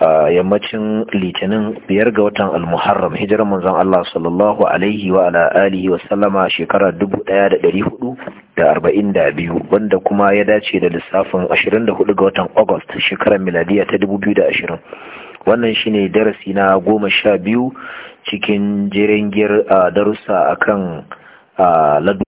a yammacin litinin biyar ga watan al-muharram hijirar manzon Allah sallallahu alaihi wa ala alihi wa sallama shekara 1442 wanda kuma ya dace da lissafin 24 ga watan August shekarar miladiya ta 2020 wannan shine darasi na goma sha biyu cikin jirengiyar darussa akan ladu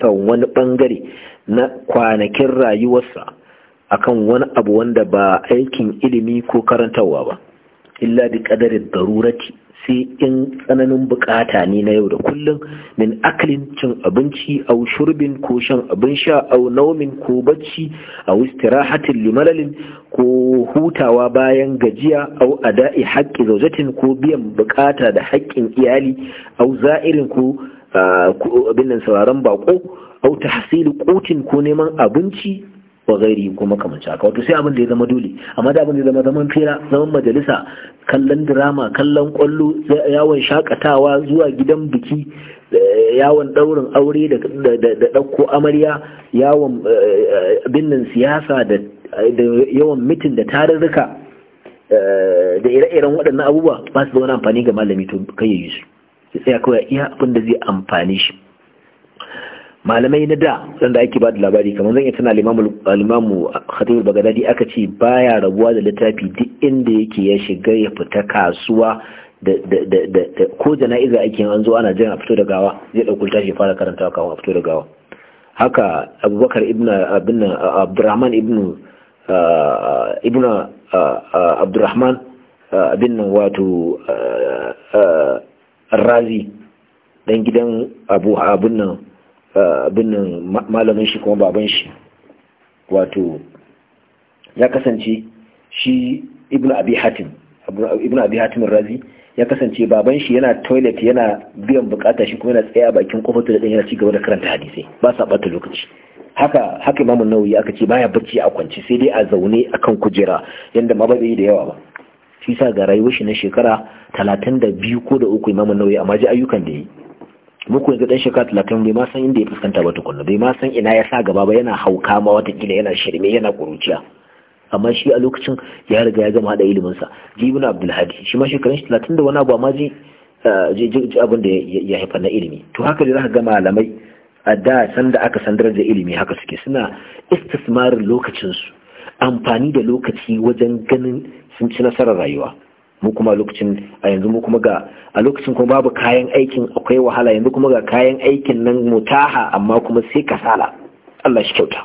kan wani bangare na kwanakin rayuwarsa akan wani abu wanda ba aikin ilimi ko karantarwa ba illa bi qadarin darurati sai in tsananin bukata ne na yau da kullum min aklin cin abinci au shurbin ko shan abin sha au naumin ko bacci au istirahatin limalalin ko hutawa bayan gajiya au ada'i haƙƙi zaujatin ko biyan bukata da haƙƙin iyali au za'irin ko abin sauraron bako au tahsil kotin ko neman abinci wa gairi kuma kamar haka wato sai abin da ya zama dole amma da abin da ya zama zaman fira zaman majalisa kallon drama kallon kwallo yawon shakatawa zuwa gidan biki eh, yawon daurin aure da ɗauko amarya yawon eh, binnin siyasa da yawan mitin da tarurruka eh, da ire-iren waɗannan abubuwa ba su da amfani ga malami to kai yi su sai kawai kawai iya abinda zai amfani shi malamai na da wanda ake ba da labari kamar zan iya tana limamu khatibul bagadadi aka ce baya rabuwa da littafi duk inda yake ya shiga ya fita kasuwa da ko jana'iza ake an zo ana jin a fito da gawa zai ɗauki littafi fara karanta kawo a fito da gawa haka abubakar ibn abin abdurrahman ibn ibn wato razi dan gidan abu abun nan eh, nan malamin shi kuma baban shi wato ya kasance shi ibnu abi hatim ibnu abi hatim razi ya kasance baban shi yana toilet yana biyan bukata shi kuma yana tsaya bakin kofar da yana ci gaba da karanta hadisai ba sa bata lokaci haka haka imamu nawawi aka ce baya bacci a kwance sai dai a zaune akan kujera yanda ma ba da yawa ba shi sa ga rayuwar shi na shekara talatin ko da uku imamu nauyi amma ji ayyukan da yi muku yanzu dan shekara talatin bai ma san inda ya fuskanta ba tukunna bai ma san ina ya sa gaba ba yana hauka ma watakila yana shirme yana kuruciya amma shi a lokacin ya riga ya gama haɗa iliminsa jibin abdulhadi shi ma shekarun shi talatin da wani abu amma ji eh, abin da ya haifa na ilimi to haka da za ka ga malamai a da sanda aka sandar da ilimi haka suke suna istismarin lokacinsu amfani da lokaci wajen ganin sun ci nasarar rayuwa mu kuma lokacin a yanzu mu kuma ga a lokacin kuma babu kayan aikin akwai wahala yanzu kuma ga kayan aikin nan mutaha amma kuma sai kasala Allah shi kyauta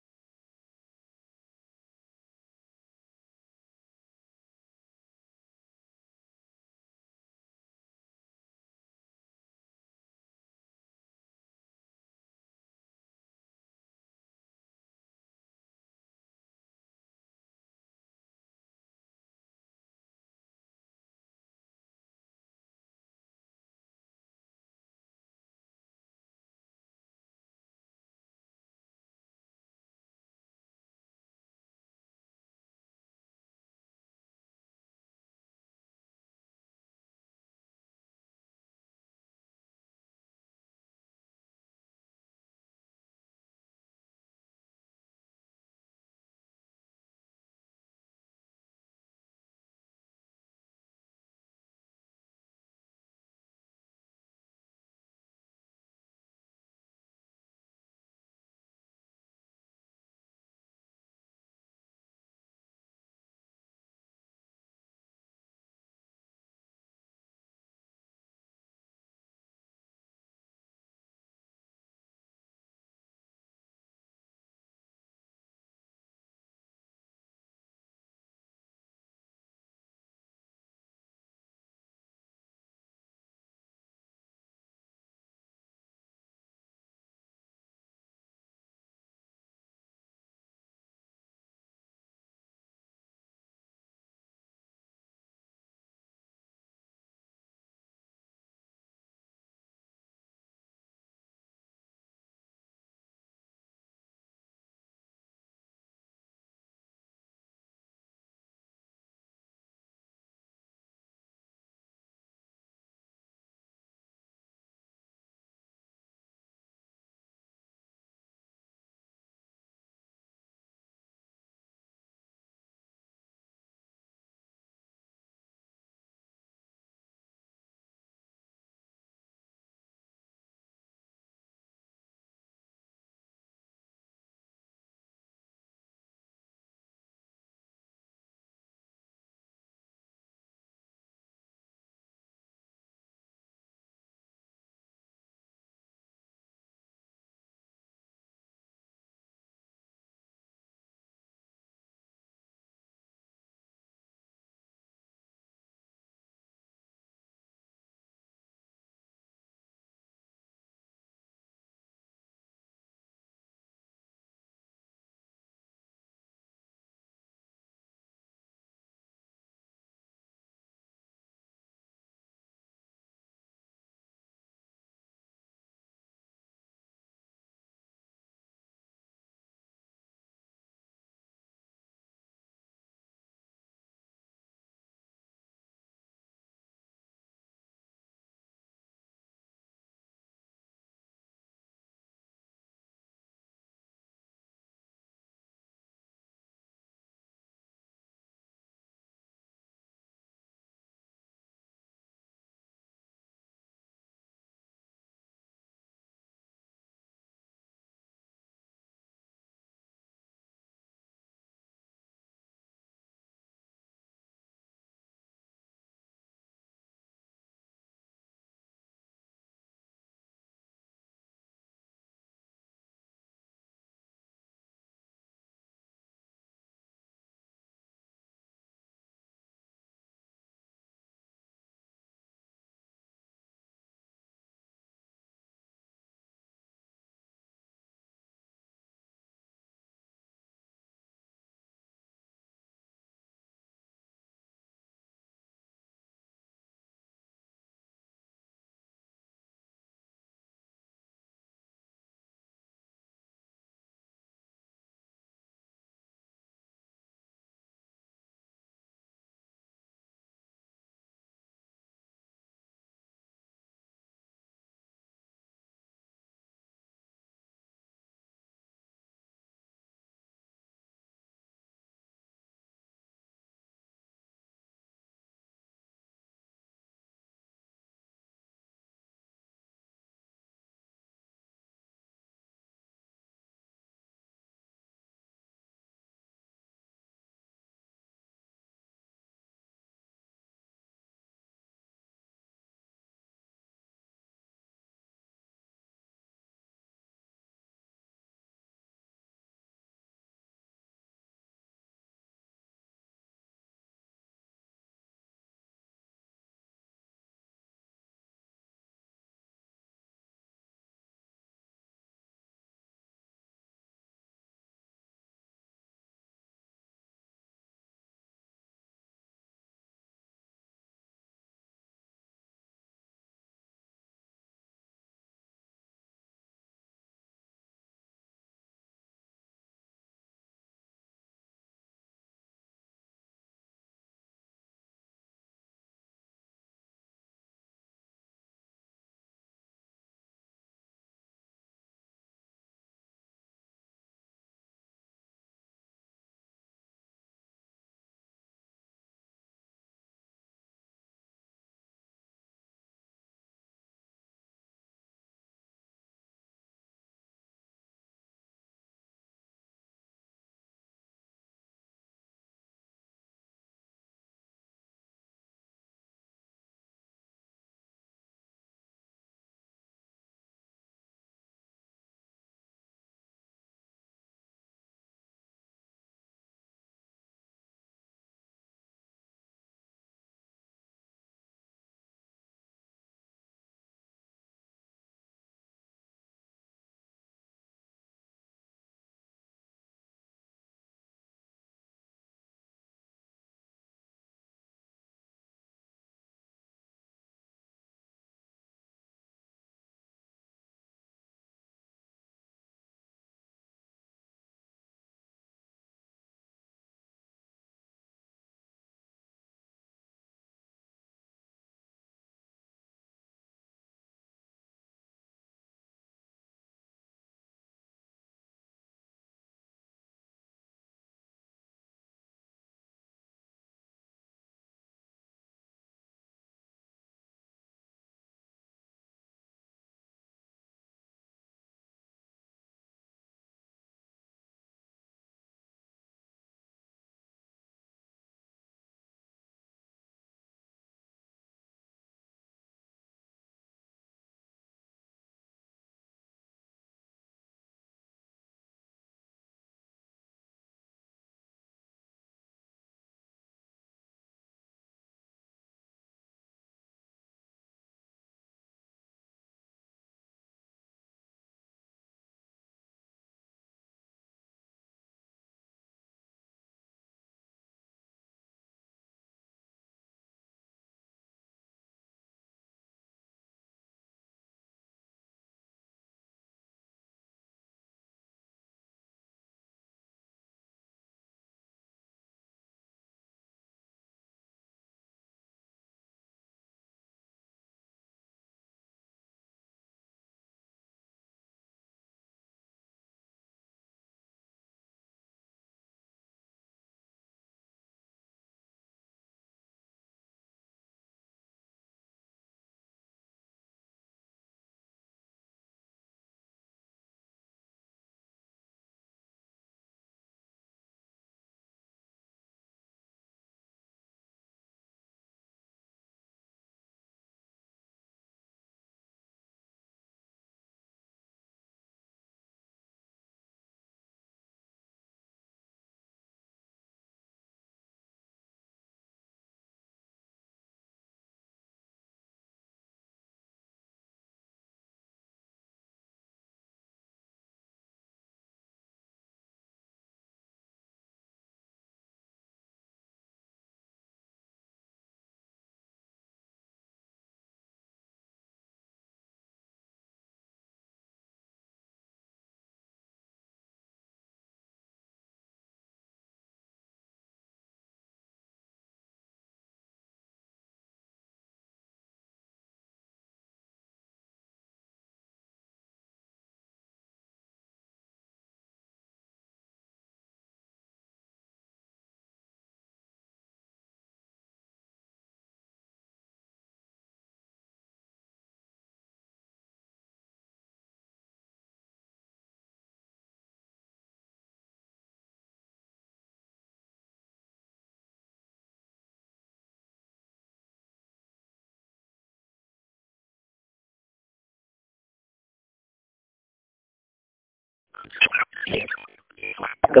ka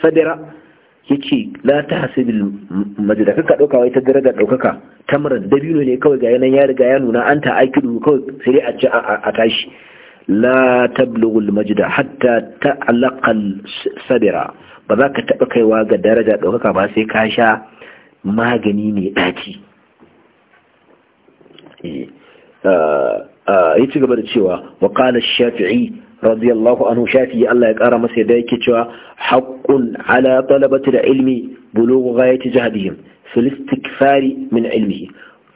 sadira ya ce la ta hasibin majida kaka ɗauka wai ta daraja ɗaukaka mara dabino ne kawai ga yanayi ya riga ya nuna an ta aikidu kawai sai a ci a tashi la ta blogul majida hatta ta alaƙal sadira ba za ka taɓa kaiwa ga daraja ɗaukaka ba sai ka sha magani mai ɗaci eh, eh, eh, ya ci gaba da cewa wa ƙalar shafi'i radiyallahu anhu shafi Allah ya kara masa yadda yake cewa haqqun ala talabati da ilmi bulughu ghayati jahdihim fil istikfari min ilmihi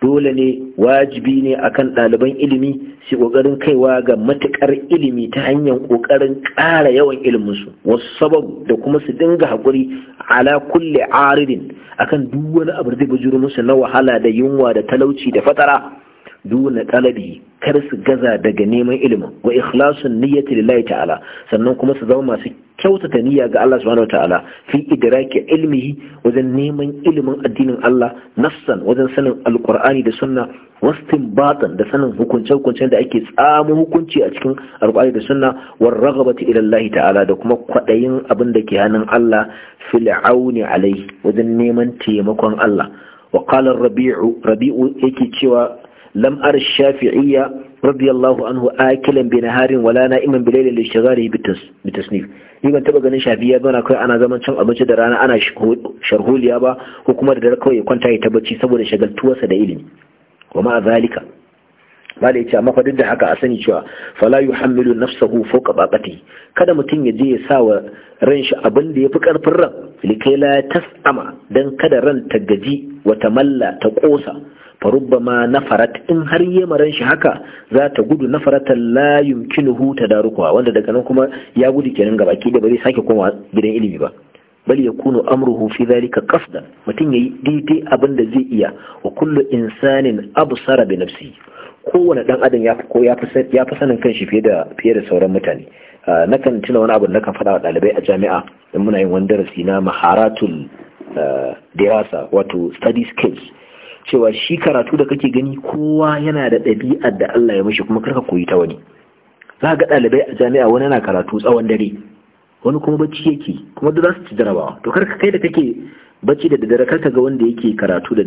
dole ne wajibi ne akan ɗaliban ilimi su ƙoƙarin kaiwa ga matuƙar ilimi ta hanyar ƙoƙarin ƙara yawan iliminsu wasu sabab da kuma su dinga haƙuri ala kulle aridin akan duk wani abu da zai bujuru musu na wahala da yunwa da talauci da fatara duna talabi kar su gaza daga neman ilimin wa ikhlasun niyyati lillahi ta'ala sannan kuma su zama masu kyautata niyya ga Allah subhanahu wa ta'ala fi idraki ilmihi wajen neman ilimin addinin Allah nafsan wajen sanin alqur'ani da sunna wastinbatan da sanin hukunce hukuncen da ake tsamu hukunci a cikin alqur'ani da sunna war raghabati ila Allah ta'ala da kuma kwadayin abin da ke hannun Allah fil auni alai wajen neman taimakon Allah وقال الربيع ربيع rabi'u yake cewa lam ar shafi'iyya radiyallahu anhu akilan bi naharin wala na'iman bi laylin lishghalihi bi tasnif ni ban taba ganin shafiya bana na kai ana zaman cin abinci da rana ana sharholiya ba ko kuma da dare kawai kwanta ya tabbaci saboda shagaltuwarsa da ilimi wa ma zalika ba da yace amma fa da haka a sani cewa fala yuhammilu nafsahu fawqa baqati kada mutum ya je ya sa wa ran shi abin da yafi karfin ran likai la tas'ama dan kada ran ta gaji wa tamalla ta kosa na nafarat in har yamaran shi haka za ta gudu nafaratan la huta tadarukuha wanda daga nan kuma ya gudu kenan gaba ki da ba zai sake koma gidan ilimi ba bal yakunu amruhu fi dhalika kafda mutum yayi daidai abin da zai iya wa kullu insanin Abu Sara bi nafsihi kowane dan adam ya ko fi sanin kanshi fiye da fiye da sauran mutane nakan tuna wani abu da nakan faɗa wa ɗalibai a jami'a in muna yin wani darasi na maharatul eh, dirasa wato study skills cewa shi karatu da kake gani kowa yana da ɗabi'ar da Allah ya mashi kuma karka koyi ta wani za ga ɗalibai a jami'a wani yana karatu tsawon dare wani kuma bacci yake kuma duk za su ci jarabawa to karka kai da kake bacci da daddare karka ga wanda yake karatu da